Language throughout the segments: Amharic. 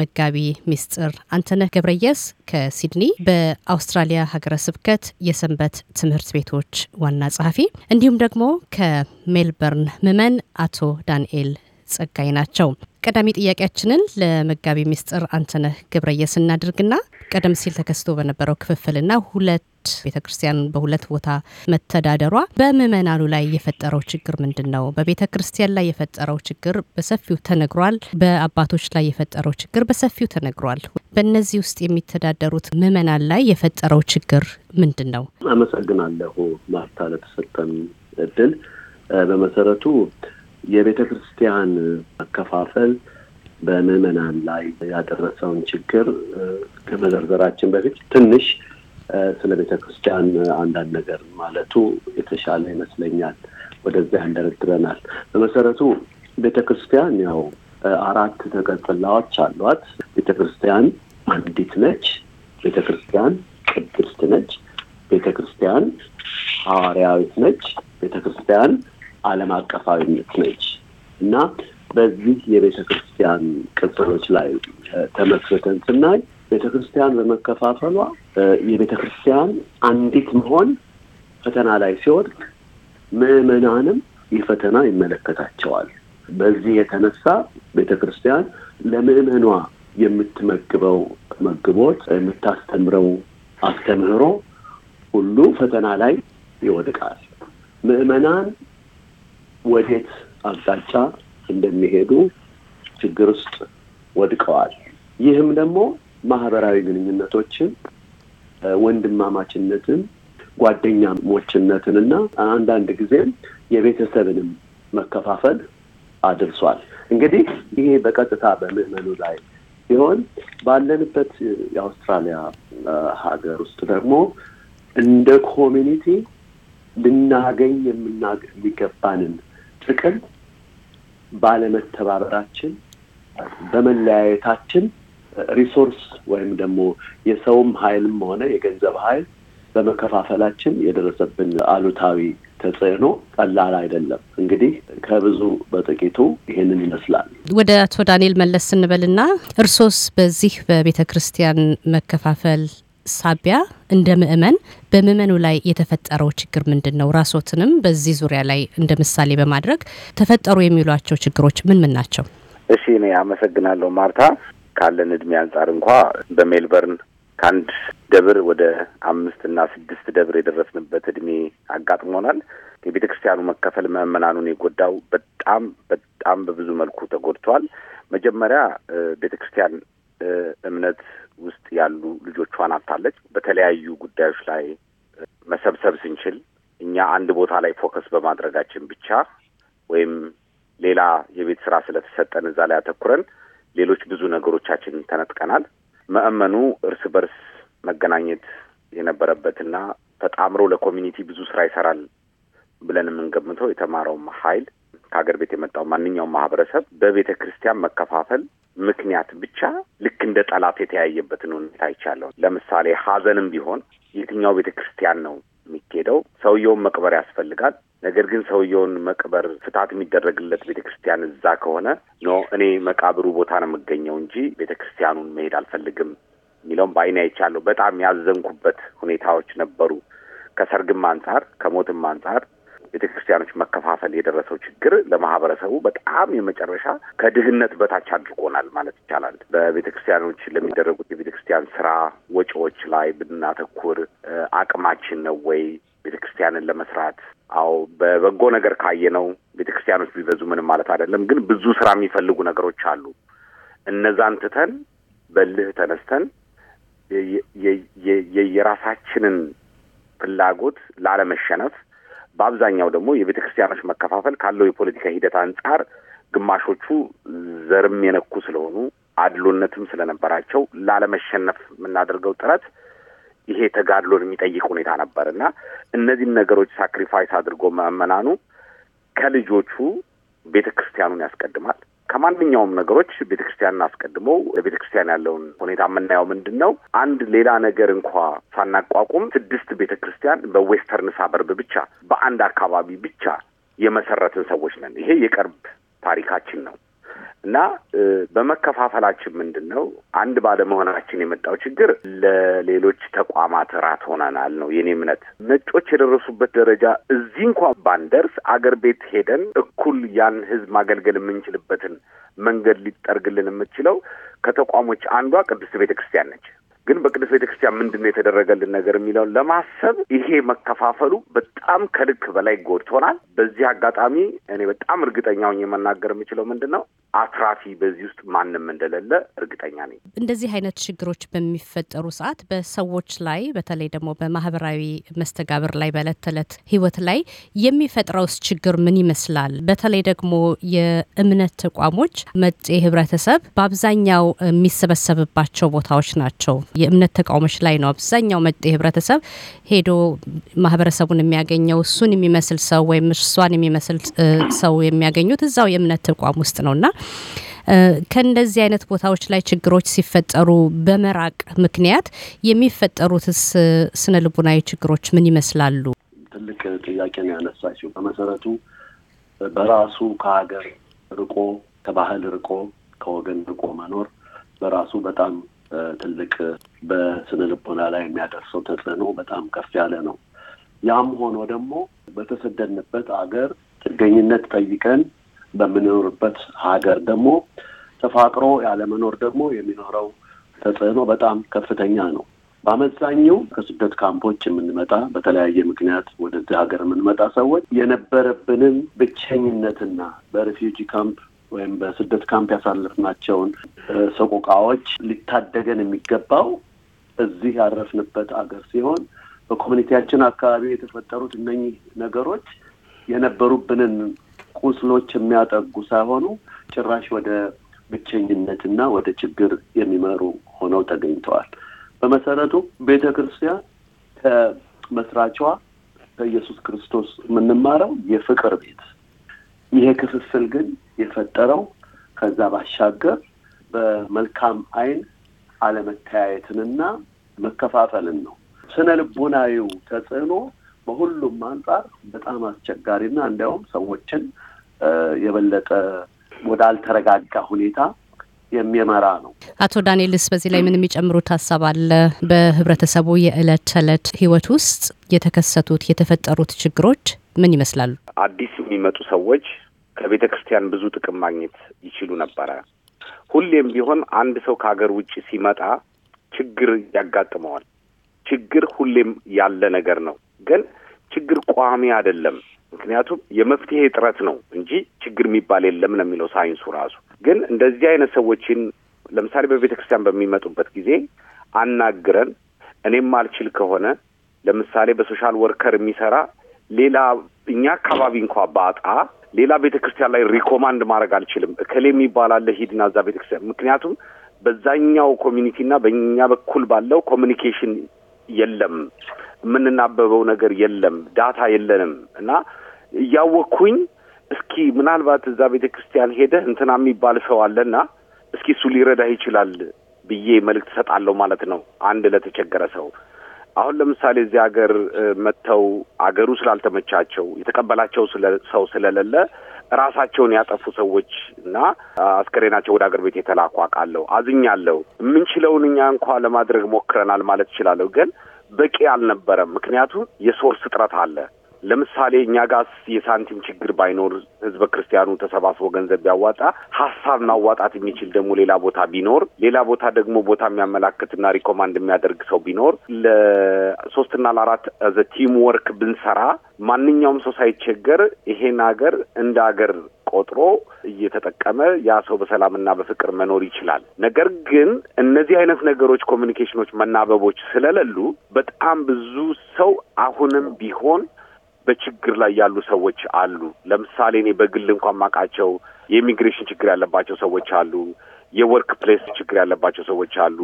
መጋቢ ምስጢር አንተነህ ገብረየስ ከሲድኒ በአውስትራሊያ ሀገረ ስብከት የሰንበት ትምህርት ቤቶች ዋና ጸሐፊ እንዲሁም ደግሞ ከሜልበርን ምመን አቶ ዳንኤል ጸጋይ ናቸው። ቀዳሚ ጥያቄያችንን ለመጋቢ ምስጢር አንተነህ ገብረየስ እናድርግና ቀደም ሲል ተከስቶ በነበረው ክፍፍልና ሁለት ቤተ ክርስቲያን በሁለት ቦታ መተዳደሯ በምዕመናኑ ላይ የፈጠረው ችግር ምንድን ነው? በቤተ ክርስቲያን ላይ የፈጠረው ችግር በሰፊው ተነግሯል። በአባቶች ላይ የፈጠረው ችግር በሰፊው ተነግሯል። በእነዚህ ውስጥ የሚተዳደሩት ምዕመናን ላይ የፈጠረው ችግር ምንድን ነው? አመሰግናለሁ ማርታ ለተሰጠን እድል። በመሰረቱ የቤተ ክርስቲያን አከፋፈል በምዕመናን ላይ ያደረሰውን ችግር ከመዘርዘራችን በፊት ትንሽ ስለ ቤተ ክርስቲያን አንዳንድ ነገር ማለቱ የተሻለ ይመስለኛል። ወደዚያ ያንደረድረናል። በመሰረቱ ቤተ ክርስቲያን ያው አራት ተቀጽላዎች አሏት። ቤተ ክርስቲያን አንዲት ነች። ቤተ ክርስቲያን ቅድስት ነች። ቤተ ክርስቲያን ሐዋርያዊት ነች። ቤተ ክርስቲያን ዓለም አቀፋዊነት ነች እና በዚህ የቤተ ክርስቲያን ቅጽሎች ላይ ተመስርተን ስናይ ቤተ ክርስቲያን በመከፋፈሏ የቤተ ክርስቲያን አንዲት መሆን ፈተና ላይ ሲወድቅ ምዕመናንም ይህ ፈተና ይመለከታቸዋል። በዚህ የተነሳ ቤተ ክርስቲያን ለምዕመኗ የምትመግበው መግቦት፣ የምታስተምረው አስተምህሮ ሁሉ ፈተና ላይ ይወድቃል። ምዕመናን ወዴት አቅጣጫ እንደሚሄዱ ችግር ውስጥ ወድቀዋል። ይህም ደግሞ ማህበራዊ ግንኙነቶችን፣ ወንድማማችነትን፣ ጓደኛሞችነትን እና አንዳንድ ጊዜም የቤተሰብንም መከፋፈል አድርሷል። እንግዲህ ይሄ በቀጥታ በምዕመኑ ላይ ሲሆን ባለንበት የአውስትራሊያ ሀገር ውስጥ ደግሞ እንደ ኮሚኒቲ ልናገኝ የምናገ የሚገባንን ጥቅም ባለመተባበራችን፣ በመለያየታችን ሪሶርስ ወይም ደግሞ የሰውም ኃይልም ሆነ የገንዘብ ኃይል በመከፋፈላችን የደረሰብን አሉታዊ ተጽዕኖ ቀላል አይደለም። እንግዲህ ከብዙ በጥቂቱ ይሄንን ይመስላል። ወደ አቶ ዳንኤል መለስ ስንበልና እርሶስ በዚህ በቤተ ክርስቲያን መከፋፈል ሳቢያ እንደ ምእመን በምእመኑ ላይ የተፈጠረው ችግር ምንድን ነው? ራሶትንም በዚህ ዙሪያ ላይ እንደ ምሳሌ በማድረግ ተፈጠሩ የሚሏቸው ችግሮች ምን ምን ናቸው? እሺ፣ እኔ አመሰግናለሁ ማርታ። ካለን እድሜ አንጻር እንኳ በሜልበርን ከአንድ ደብር ወደ አምስት እና ስድስት ደብር የደረስንበት እድሜ አጋጥሞናል። የቤተ ክርስቲያኑ መከፈል ምዕመናኑን የጎዳው በጣም በጣም በብዙ መልኩ ተጎድቷል። መጀመሪያ ቤተ ክርስቲያን እምነት ውስጥ ያሉ ልጆቿን አታለች። በተለያዩ ጉዳዮች ላይ መሰብሰብ ስንችል እኛ አንድ ቦታ ላይ ፎከስ በማድረጋችን ብቻ ወይም ሌላ የቤት ስራ ስለተሰጠን እዛ ላይ አተኩረን ሌሎች ብዙ ነገሮቻችን ተነጥቀናል። መእመኑ እርስ በርስ መገናኘት የነበረበትና ተጣምሮ ለኮሚኒቲ ብዙ ስራ ይሰራል ብለን የምንገምተው የተማረውም ኃይል ከሀገር ቤት የመጣው ማንኛውም ማህበረሰብ በቤተ ክርስቲያን መከፋፈል ምክንያት ብቻ ልክ እንደ ጠላት የተያየበትን ሁኔታ ይቻለሁ። ለምሳሌ ሀዘንም ቢሆን የትኛው ቤተ ክርስቲያን ነው የሚኬደው ሰውየውን መቅበር ያስፈልጋል። ነገር ግን ሰውየውን መቅበር ፍታት የሚደረግለት ቤተ ክርስቲያን እዛ ከሆነ ኖ እኔ መቃብሩ ቦታ ነው የምገኘው እንጂ ቤተ ክርስቲያኑን መሄድ አልፈልግም የሚለውም በአይን አይቻለሁ። በጣም ያዘንኩበት ሁኔታዎች ነበሩ። ከሰርግም አንጻር ከሞትም አንጻር ቤተክርስቲያኖች መከፋፈል የደረሰው ችግር ለማህበረሰቡ በጣም የመጨረሻ ከድህነት በታች አድርጎናል ማለት ይቻላል። በቤተክርስቲያኖች ለሚደረጉት የቤተክርስቲያን ስራ ወጪዎች ላይ ብናተኩር አቅማችን ነው ወይ ቤተክርስቲያንን ለመስራት? አዎ በበጎ ነገር ካየነው ቤተክርስቲያኖች ቢበዙ ምንም ማለት አይደለም፣ ግን ብዙ ስራ የሚፈልጉ ነገሮች አሉ። እነዛን ትተን በልህ ተነስተን የየራሳችንን ፍላጎት ላለመሸነፍ በአብዛኛው ደግሞ የቤተ ክርስቲያኖች መከፋፈል ካለው የፖለቲካ ሂደት አንጻር ግማሾቹ ዘርም የነኩ ስለሆኑ አድሎነትም ስለነበራቸው ላለመሸነፍ የምናደርገው ጥረት ይሄ ተጋድሎን የሚጠይቅ ሁኔታ ነበር እና እነዚህም ነገሮች ሳክሪፋይስ አድርጎ መመናኑ ከልጆቹ ቤተ ክርስቲያኑን ያስቀድማል። ከማንኛውም ነገሮች ቤተ ክርስቲያንን አስቀድሞ ለቤተ ክርስቲያን ያለውን ሁኔታ የምናየው ምንድን ነው? አንድ ሌላ ነገር እንኳ ሳናቋቁም ስድስት ቤተ ክርስቲያን በዌስተርን ሳበርብ ብቻ በአንድ አካባቢ ብቻ የመሰረትን ሰዎች ነን። ይሄ የቅርብ ታሪካችን ነው። እና በመከፋፈላችን ምንድን ነው አንድ ባለመሆናችን የመጣው ችግር ለሌሎች ተቋማት ራት ሆነናል ነው የኔ እምነት። ነጮች የደረሱበት ደረጃ እዚህ እንኳን ባንደርስ አገር ቤት ሄደን እኩል ያን ህዝብ ማገልገል የምንችልበትን መንገድ ሊጠርግልን የምትችለው ከተቋሞች አንዷ ቅድስት ቤተ ክርስቲያን ነች። ግን በቅዱስ ቤተ ክርስቲያን ምንድን ነው የተደረገልን ነገር የሚለውን ለማሰብ ይሄ መከፋፈሉ በጣም ከልክ በላይ ጎድቶናል። በዚህ አጋጣሚ እኔ በጣም እርግጠኛውን የመናገር የምችለው ምንድን ነው አትራፊ በዚህ ውስጥ ማንም እንደሌለ እርግጠኛ ነኝ። እንደዚህ አይነት ችግሮች በሚፈጠሩ ሰዓት በሰዎች ላይ በተለይ ደግሞ በማህበራዊ መስተጋብር ላይ በዕለት ተዕለት ህይወት ላይ የሚፈጥረውስ ችግር ምን ይመስላል? በተለይ ደግሞ የእምነት ተቋሞች መጤ ህብረተሰብ በአብዛኛው የሚሰበሰብባቸው ቦታዎች ናቸው። የእምነት ተቋሞች ላይ ነው አብዛኛው መጤ ህብረተሰብ ሄዶ ማህበረሰቡን የሚያገኘው እሱን የሚመስል ሰው ወይም እሷን የሚመስል ሰው የሚያገኙት እዛው የእምነት ተቋም ውስጥ ነውና ከእንደዚህ አይነት ቦታዎች ላይ ችግሮች ሲፈጠሩ በመራቅ ምክንያት የሚፈጠሩትስ ስነ ልቡናዊ ችግሮች ምን ይመስላሉ? ትልቅ ጥያቄ ነው ያነሳችው። በመሰረቱ በራሱ ከሀገር ርቆ ከባህል ርቆ ከወገን ርቆ መኖር በራሱ በጣም ትልቅ በስነ ልቦና ላይ የሚያደርሰው ተጽዕኖ በጣም ከፍ ያለ ነው። ያም ሆኖ ደግሞ በተሰደድንበት አገር ጥገኝነት ጠይቀን በምንኖርበት ሀገር ደግሞ ተፋቅሮ ያለመኖር ደግሞ የሚኖረው ተጽዕኖ በጣም ከፍተኛ ነው። በአመዛኛው ከስደት ካምፖች የምንመጣ በተለያየ ምክንያት ወደዚህ ሀገር የምንመጣ ሰዎች የነበረብንን ብቸኝነትና በሪፊውጂ ካምፕ ወይም በስደት ካምፕ ያሳለፍናቸውን ሰቆቃዎች ሊታደገን የሚገባው እዚህ ያረፍንበት አገር ሲሆን በኮሚኒቲያችን አካባቢ የተፈጠሩት እነኚህ ነገሮች የነበሩብንን ቁስሎች የሚያጠጉ ሳይሆኑ ጭራሽ ወደ ብቸኝነትና ወደ ችግር የሚመሩ ሆነው ተገኝተዋል። በመሰረቱ ቤተ ክርስቲያን ከመስራቿ ከኢየሱስ ክርስቶስ የምንማረው የፍቅር ቤት። ይሄ ክፍፍል ግን የፈጠረው ከዛ ባሻገር በመልካም አይን አለመተያየትንና መከፋፈልን ነው። ስነ ልቦናዊው ተጽዕኖ በሁሉም አንጻር በጣም አስቸጋሪና እንዲያውም ሰዎችን የበለጠ ወዳልተረጋጋ ሁኔታ የሚመራ ነው። አቶ ዳንኤልስ በዚህ ላይ ምን የሚጨምሩት ሀሳብ አለ? በህብረተሰቡ የዕለት ተዕለት ህይወት ውስጥ የተከሰቱት የተፈጠሩት ችግሮች ምን ይመስላሉ? አዲስ የሚመጡ ሰዎች ከቤተ ክርስቲያን ብዙ ጥቅም ማግኘት ይችሉ ነበረ። ሁሌም ቢሆን አንድ ሰው ከሀገር ውጭ ሲመጣ ችግር ያጋጥመዋል። ችግር ሁሌም ያለ ነገር ነው። ግን ችግር ቋሚ አይደለም። ምክንያቱም የመፍትሄ ጥረት ነው እንጂ ችግር የሚባል የለም ነው የሚለው ሳይንሱ ራሱ። ግን እንደዚህ አይነት ሰዎችን ለምሳሌ በቤተ ክርስቲያን በሚመጡበት ጊዜ አናግረን እኔም አልችል ከሆነ ለምሳሌ በሶሻል ወርከር የሚሰራ ሌላ እኛ አካባቢ እንኳ ባጣ ሌላ ቤተ ክርስቲያን ላይ ሪኮማንድ ማድረግ አልችልም። እከሌ የሚባል አለ ሂድና እዛ ቤተ ክርስቲያን ምክንያቱም በዛኛው ኮሚኒቲ እና በእኛ በኩል ባለው ኮሚኒኬሽን የለም። የምንናበበው ነገር የለም፣ ዳታ የለንም እና እያወቅኩኝ እስኪ ምናልባት እዛ ቤተ ክርስቲያን ሄደህ እንትና የሚባል ሰው አለና እስኪ እሱ ሊረዳህ ይችላል ብዬ መልእክት እሰጣለሁ ማለት ነው። አንድ ለተቸገረ ሰው አሁን ለምሳሌ እዚህ ሀገር መጥተው አገሩ ስላልተመቻቸው የተቀበላቸው ሰው ስለሌለ ራሳቸውን ያጠፉ ሰዎች እና አስከሬናቸው ወደ አገር ቤት የተላኩ አውቃለሁ። አዝኛለሁ። የምንችለውን እኛ እንኳ ለማድረግ ሞክረናል ማለት እችላለሁ ግን በቂ አልነበረም። ምክንያቱም የሶርስ እጥረት አለ። ለምሳሌ እኛ ጋስ የሳንቲም ችግር ባይኖር ህዝበ ክርስቲያኑ ተሰባስቦ ገንዘብ ቢያዋጣ ሀሳብ ማዋጣት የሚችል ደግሞ ሌላ ቦታ ቢኖር ሌላ ቦታ ደግሞ ቦታ የሚያመላክትና ሪኮማንድ የሚያደርግ ሰው ቢኖር ለሶስትና ለአራት ዘ ቲም ወርክ ብንሰራ ማንኛውም ሰው ሳይቸገር ይሄን ሀገር እንደ ሀገር ቆጥሮ እየተጠቀመ ያ ሰው በሰላምና በፍቅር መኖር ይችላል። ነገር ግን እነዚህ አይነት ነገሮች ኮሚኒኬሽኖች፣ መናበቦች ስለሌሉ በጣም ብዙ ሰው አሁንም ቢሆን በችግር ላይ ያሉ ሰዎች አሉ። ለምሳሌ እኔ በግል እንኳን ማውቃቸው የኢሚግሬሽን ችግር ያለባቸው ሰዎች አሉ። የወርክ ፕሌስ ችግር ያለባቸው ሰዎች አሉ።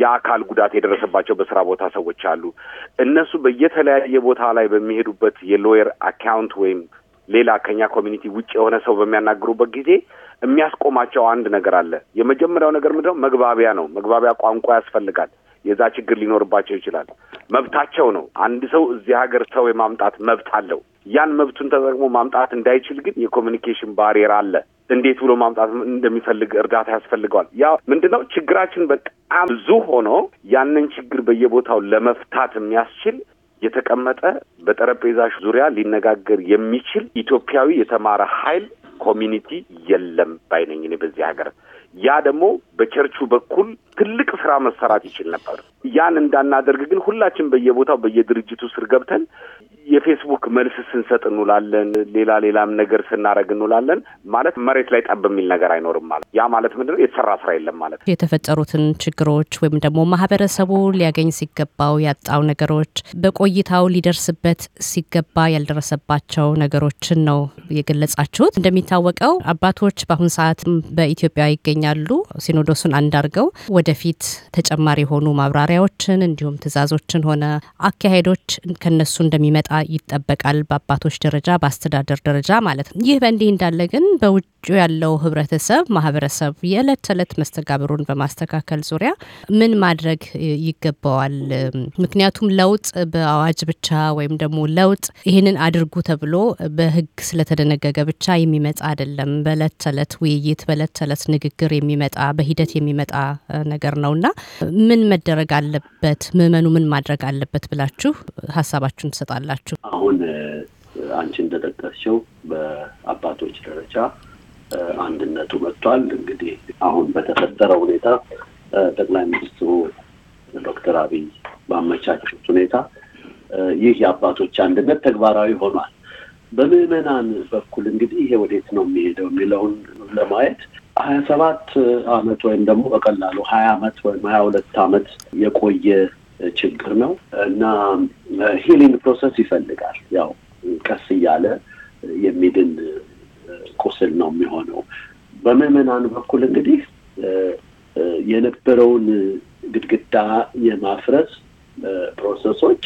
የአካል ጉዳት የደረሰባቸው በስራ ቦታ ሰዎች አሉ። እነሱ በየተለያየ ቦታ ላይ በሚሄዱበት የሎየር አካውንት ወይም ሌላ ከኛ ኮሚኒቲ ውጭ የሆነ ሰው በሚያናግሩበት ጊዜ የሚያስቆማቸው አንድ ነገር አለ። የመጀመሪያው ነገር ምንድነው? መግባቢያ ነው። መግባቢያ ቋንቋ ያስፈልጋል። የዛ ችግር ሊኖርባቸው ይችላል። መብታቸው ነው። አንድ ሰው እዚህ ሀገር ሰው የማምጣት መብት አለው። ያን መብቱን ተጠቅሞ ማምጣት እንዳይችል ግን የኮሚኒኬሽን ባሪየር አለ። እንዴት ብሎ ማምጣት እንደሚፈልግ እርዳታ ያስፈልገዋል። ያ ምንድነው ችግራችን በጣም ብዙ ሆኖ ያንን ችግር በየቦታው ለመፍታት የሚያስችል የተቀመጠ በጠረጴዛ ዙሪያ ሊነጋገር የሚችል ኢትዮጵያዊ የተማረ ኃይል ኮሚኒቲ የለም ባይነኝ እኔ በዚህ ሀገር ያ ደግሞ በቸርቹ በኩል ትልቅ ስራ መሰራት ይችል ነበር። ያን እንዳናደርግ ግን ሁላችን በየቦታው በየድርጅቱ ስር ገብተን የፌስቡክ መልስ ስንሰጥ እንውላለን። ሌላ ሌላም ነገር ስናደርግ እንውላለን። ማለት መሬት ላይ ጠብ የሚል ነገር አይኖርም ማለት ያ ማለት ምንድነው? የተሰራ ስራ የለም ማለት የተፈጠሩትን ችግሮች ወይም ደግሞ ማህበረሰቡ ሊያገኝ ሲገባው ያጣው ነገሮች፣ በቆይታው ሊደርስበት ሲገባ ያልደረሰባቸው ነገሮችን ነው የገለጻችሁት። እንደሚታወቀው አባቶች በአሁን ሰዓት በኢትዮጵያ ይገኛሉ ሲኖ ሲኖዶሱን አንዳርገው ወደፊት ተጨማሪ የሆኑ ማብራሪያዎችን እንዲሁም ትእዛዞችን ሆነ አካሄዶች ከነሱ እንደሚመጣ ይጠበቃል፣ በአባቶች ደረጃ በአስተዳደር ደረጃ ማለት ነው። ይህ በእንዲህ እንዳለ ግን በውጭ ውጭ ያለው ህብረተሰብ ማህበረሰብ የዕለት ተዕለት መስተጋብሩን በማስተካከል ዙሪያ ምን ማድረግ ይገባዋል? ምክንያቱም ለውጥ በአዋጅ ብቻ ወይም ደግሞ ለውጥ ይህንን አድርጉ ተብሎ በህግ ስለተደነገገ ብቻ የሚመጣ አይደለም። በዕለት ተዕለት ውይይት፣ በዕለት ተዕለት ንግግር የሚመጣ በሂደት የሚመጣ ነገር እና ምን መደረግ አለበት? ምዕመኑ ምን ማድረግ አለበት ብላችሁ ሀሳባችሁን ትሰጣላችሁ? አሁን አንቺ እንደጠቀስሽው በአባቶች ደረጃ አንድነቱ መጥቷል። እንግዲህ አሁን በተፈጠረ ሁኔታ ጠቅላይ ሚኒስትሩ ዶክተር አብይ ባመቻቹት ሁኔታ ይህ የአባቶች አንድነት ተግባራዊ ሆኗል። በምዕመናን በኩል እንግዲህ ይሄ ወዴት ነው የሚሄደው የሚለውን ለማየት ሀያ ሰባት አመት ወይም ደግሞ በቀላሉ ሀያ አመት ወይም ሀያ ሁለት አመት የቆየ ችግር ነው እና ሂሊንግ ፕሮሰስ ይፈልጋል። ያው ቀስ እያለ የሚድን ቁስል ነው የሚሆነው። በምዕመናን በኩል እንግዲህ የነበረውን ግድግዳ የማፍረስ ፕሮሰሶች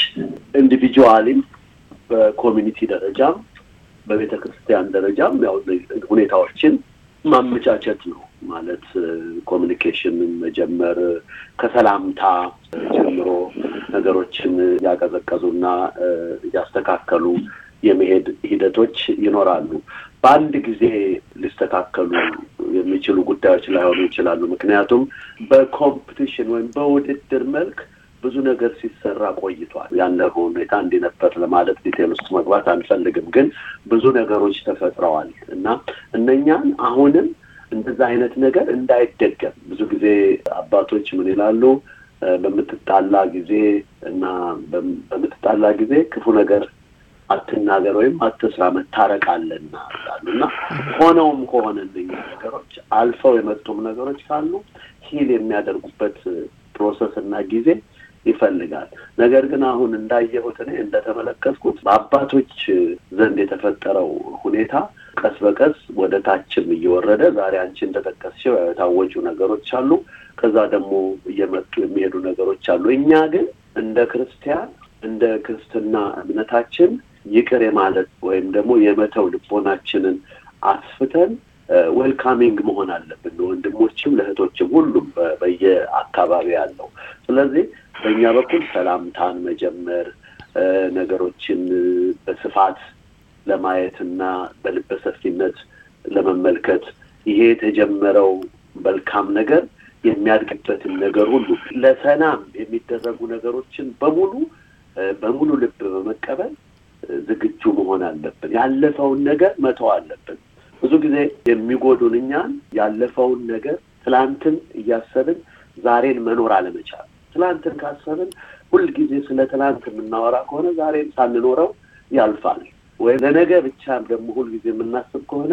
ኢንዲቪጁዋሊም በኮሚኒቲ ደረጃም በቤተ ክርስቲያን ደረጃም ያው ሁኔታዎችን ማመቻቸት ነው ማለት ኮሚኒኬሽን መጀመር ከሰላምታ ጀምሮ ነገሮችን እያቀዘቀዙና እያስተካከሉ የመሄድ ሂደቶች ይኖራሉ። በአንድ ጊዜ ሊስተካከሉ የሚችሉ ጉዳዮች ላይሆኑ ይችላሉ። ምክንያቱም በኮምፕቲሽን ወይም በውድድር መልክ ብዙ ነገር ሲሰራ ቆይቷል። ያለው ሁኔታ እንዲህ ነበር ለማለት ዲቴል ውስጥ መግባት አንፈልግም፣ ግን ብዙ ነገሮች ተፈጥረዋል እና እነኛን አሁንም እንደዛ አይነት ነገር እንዳይደገም ብዙ ጊዜ አባቶች ምን ይላሉ? በምትጣላ ጊዜ እና በምትጣላ ጊዜ ክፉ ነገር አትናገር ወይም አትስራ መታረቅ አለና እና ሆነውም ከሆነ እነኛ ነገሮች አልፈው የመጡም ነገሮች ካሉ ሂል የሚያደርጉበት ፕሮሰስ እና ጊዜ ይፈልጋል። ነገር ግን አሁን እንዳየሁት እኔ እንደተመለከትኩት በአባቶች ዘንድ የተፈጠረው ሁኔታ ቀስ በቀስ ወደ ታችም እየወረደ ዛሬ አንቺ እንደጠቀስሽው የታወጁ ነገሮች አሉ። ከዛ ደግሞ እየመጡ የሚሄዱ ነገሮች አሉ። እኛ ግን እንደ ክርስቲያን እንደ ክርስትና እምነታችን ይቅር የማለት ወይም ደግሞ የመተው ልቦናችንን አስፍተን ዌልካሚንግ መሆን አለብን፣ ወንድሞችም ለእህቶችም ሁሉም በየአካባቢ ያለው። ስለዚህ በእኛ በኩል ሰላምታን መጀመር ነገሮችን በስፋት ለማየት እና በልበ ሰፊነት ለመመልከት ይሄ የተጀመረው መልካም ነገር የሚያድግበትን ነገር ሁሉ ለሰላም የሚደረጉ ነገሮችን በሙሉ በሙሉ ልብ በመቀበል ዝግጁ መሆን አለብን። ያለፈውን ነገር መተው አለብን። ብዙ ጊዜ የሚጎዱን እኛን ያለፈውን ነገር ትላንትን እያሰብን ዛሬን መኖር አለመቻል። ትላንትን ካሰብን ሁልጊዜ ስለ ትላንት የምናወራ ከሆነ ዛሬን ሳንኖረው ያልፋል። ወይም ለነገ ብቻ ደግሞ ሁልጊዜ የምናስብ ከሆነ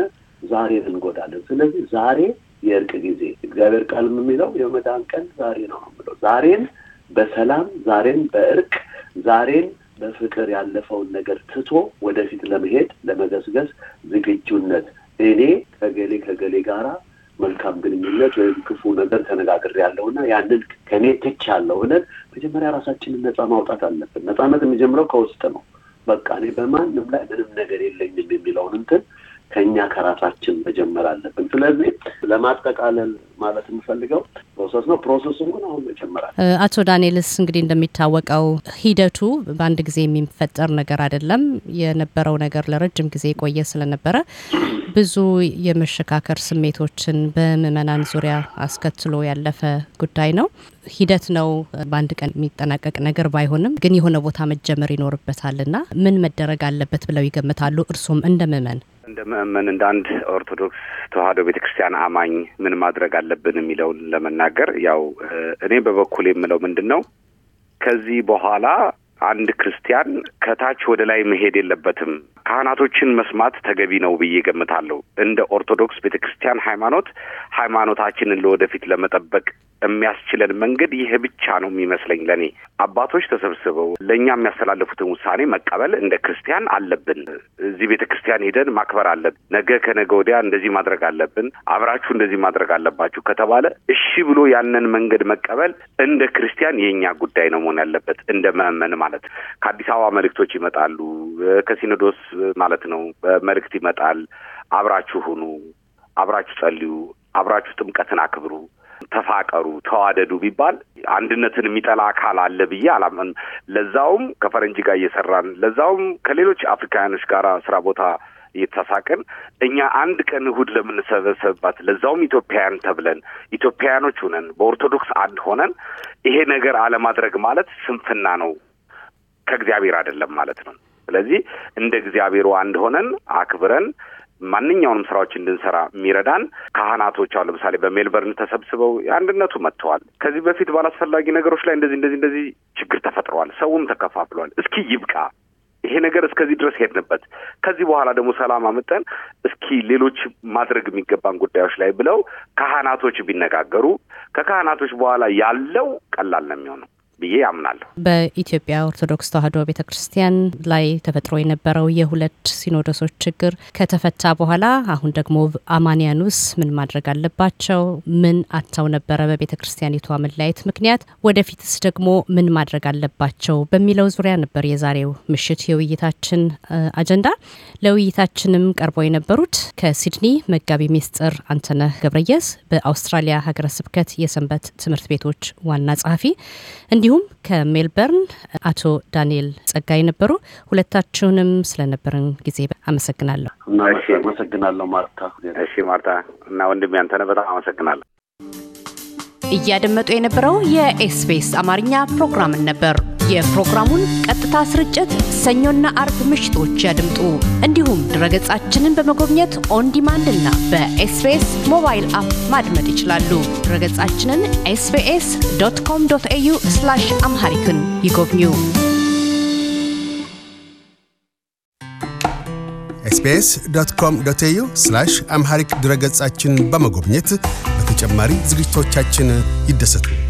ዛሬን እንጎዳለን። ስለዚህ ዛሬ የእርቅ ጊዜ እግዚአብሔር ቃል የሚለው የመዳን ቀን ዛሬ ነው ነው የምለው ዛሬን በሰላም ዛሬን በእርቅ ዛሬን በፍቅር ያለፈውን ነገር ትቶ ወደፊት ለመሄድ ለመገስገስ ዝግጁነት እኔ ከገሌ ከገሌ ጋራ መልካም ግንኙነት ወይም ክፉ ነገር ተነጋግር ያለው እና ያንን ከእኔ ትች ያለው እውነት መጀመሪያ ራሳችንን ነፃ ማውጣት አለብን። ነፃነት የሚጀምረው ከውስጥ ነው። በቃ እኔ በማንም ላይ ምንም ነገር የለኝም የሚለውን እንትን ከኛ ከራሳችን መጀመር አለብን። ስለዚህ ለማጠቃለል ማለት የምፈልገው ፕሮሰስ ነው። ፕሮሰሱን ግን አሁን መጀመራል። አቶ ዳንኤልስ እንግዲህ እንደሚታወቀው ሂደቱ በአንድ ጊዜ የሚፈጠር ነገር አይደለም። የነበረው ነገር ለረጅም ጊዜ የቆየ ስለነበረ ብዙ የመሸካከር ስሜቶችን በምዕመናን ዙሪያ አስከትሎ ያለፈ ጉዳይ ነው። ሂደት ነው። በአንድ ቀን የሚጠናቀቅ ነገር ባይሆንም ግን የሆነ ቦታ መጀመር ይኖርበታልና ምን መደረግ አለበት ብለው ይገምታሉ? እርሶም እንደ ምዕመን እንደ ምእመን እንደ አንድ ኦርቶዶክስ ተዋህዶ ቤተ ክርስቲያን አማኝ ምን ማድረግ አለብን የሚለውን ለመናገር ያው እኔ በበኩል የምለው ምንድን ነው ከዚህ በኋላ አንድ ክርስቲያን ከታች ወደ ላይ መሄድ የለበትም። ካህናቶችን መስማት ተገቢ ነው ብዬ ገምታለሁ። እንደ ኦርቶዶክስ ቤተ ክርስቲያን ሃይማኖት ሃይማኖታችንን ለወደፊት ለመጠበቅ የሚያስችለን መንገድ ይህ ብቻ ነው የሚመስለኝ ለእኔ። አባቶች ተሰብስበው ለእኛ የሚያስተላልፉትን ውሳኔ መቀበል እንደ ክርስቲያን አለብን። እዚህ ቤተ ክርስቲያን ሄደን ማክበር አለብን። ነገ ከነገ ወዲያ እንደዚህ ማድረግ አለብን፣ አብራችሁ እንደዚህ ማድረግ አለባችሁ ከተባለ እሺ ብሎ ያንን መንገድ መቀበል እንደ ክርስቲያን የእኛ ጉዳይ ነው መሆን ያለበት፣ እንደ መመን ማለት ነው። ከአዲስ አበባ መልእክቶች ይመጣሉ፣ ከሲኖዶስ ማለት ነው መልእክት ይመጣል። አብራችሁ ሁኑ፣ አብራችሁ ጸልዩ፣ አብራችሁ ጥምቀትን አክብሩ ተፋቀሩ፣ ተዋደዱ ቢባል አንድነትን የሚጠላ አካል አለ ብዬ አላምን። ለዛውም ከፈረንጅ ጋር እየሰራን ለዛውም ከሌሎች አፍሪካውያኖች ጋር ስራ ቦታ እየተሳሳቅን እኛ አንድ ቀን እሁድ ለምንሰበሰብባት ለዛውም ኢትዮጵያውያን ተብለን ኢትዮጵያውያኖች ሁነን በኦርቶዶክስ አንድ ሆነን ይሄ ነገር አለማድረግ ማለት ስንፍና ነው፣ ከእግዚአብሔር አይደለም ማለት ነው። ስለዚህ እንደ እግዚአብሔሩ አንድ ሆነን አክብረን ማንኛውንም ስራዎች እንድንሰራ የሚረዳን ካህናቶች አሉ። ለምሳሌ በሜልበርን ተሰብስበው አንድነቱ መጥተዋል። ከዚህ በፊት ባላስፈላጊ ነገሮች ላይ እንደዚህ እንደዚህ እንደዚህ ችግር ተፈጥረዋል፣ ሰውም ተከፋፍሏል። እስኪ ይብቃ ይሄ ነገር እስከዚህ ድረስ ሄድንበት። ከዚህ በኋላ ደግሞ ሰላም አምጠን እስኪ ሌሎች ማድረግ የሚገባን ጉዳዮች ላይ ብለው ካህናቶች ቢነጋገሩ ከካህናቶች በኋላ ያለው ቀላል ነው የሚሆነው። ብዬ ያምናለሁ። በኢትዮጵያ ኦርቶዶክስ ተዋሕዶ ቤተ ክርስቲያን ላይ ተፈጥሮ የነበረው የሁለት ሲኖዶሶች ችግር ከተፈታ በኋላ አሁን ደግሞ አማንያኑስ ምን ማድረግ አለባቸው? ምን አጥተው ነበረ በቤተ ክርስቲያኒቷ መለያየት ምክንያት? ወደፊትስ ደግሞ ምን ማድረግ አለባቸው በሚለው ዙሪያ ነበር የዛሬው ምሽት የውይይታችን አጀንዳ። ለውይይታችንም ቀርበው የነበሩት ከሲድኒ መጋቢ ሚስጥር አንተነህ ገብረየስ በአውስትራሊያ ሀገረ ስብከት የሰንበት ትምህርት ቤቶች ዋና ጸሐፊ እንዲሁም ከሜልበርን አቶ ዳንኤል ጸጋይ ነበሩ። ሁለታችሁንም ስለነበረን ጊዜ አመሰግናለሁ። እሺ፣ አመሰግናለሁ አመሰግናለሁ ማርታ እሺ ማርታ እና ወንድም ያንተነ በጣም አመሰግናለሁ። እያደመጡ የነበረው የኤስቢኤስ አማርኛ ፕሮግራምን ነበር። የፕሮግራሙን ቀ በቀጥታ ስርጭት ሰኞና አርብ ምሽቶች ያድምጡ። እንዲሁም ድረገጻችንን በመጎብኘት ኦን ዲማንድ እና በኤስቢኤስ ሞባይል አፕ ማድመጥ ይችላሉ። ድረገጻችንን ኤስቢኤስ ዶት ኮም ዶት ኤዩ አምሃሪክን ይጎብኙ። ኤስቢኤስ ዶት ኮም ዶት ኤዩ አምሃሪክ ድረገጻችንን በመጎብኘት በተጨማሪ ዝግጅቶቻችን ይደሰቱ።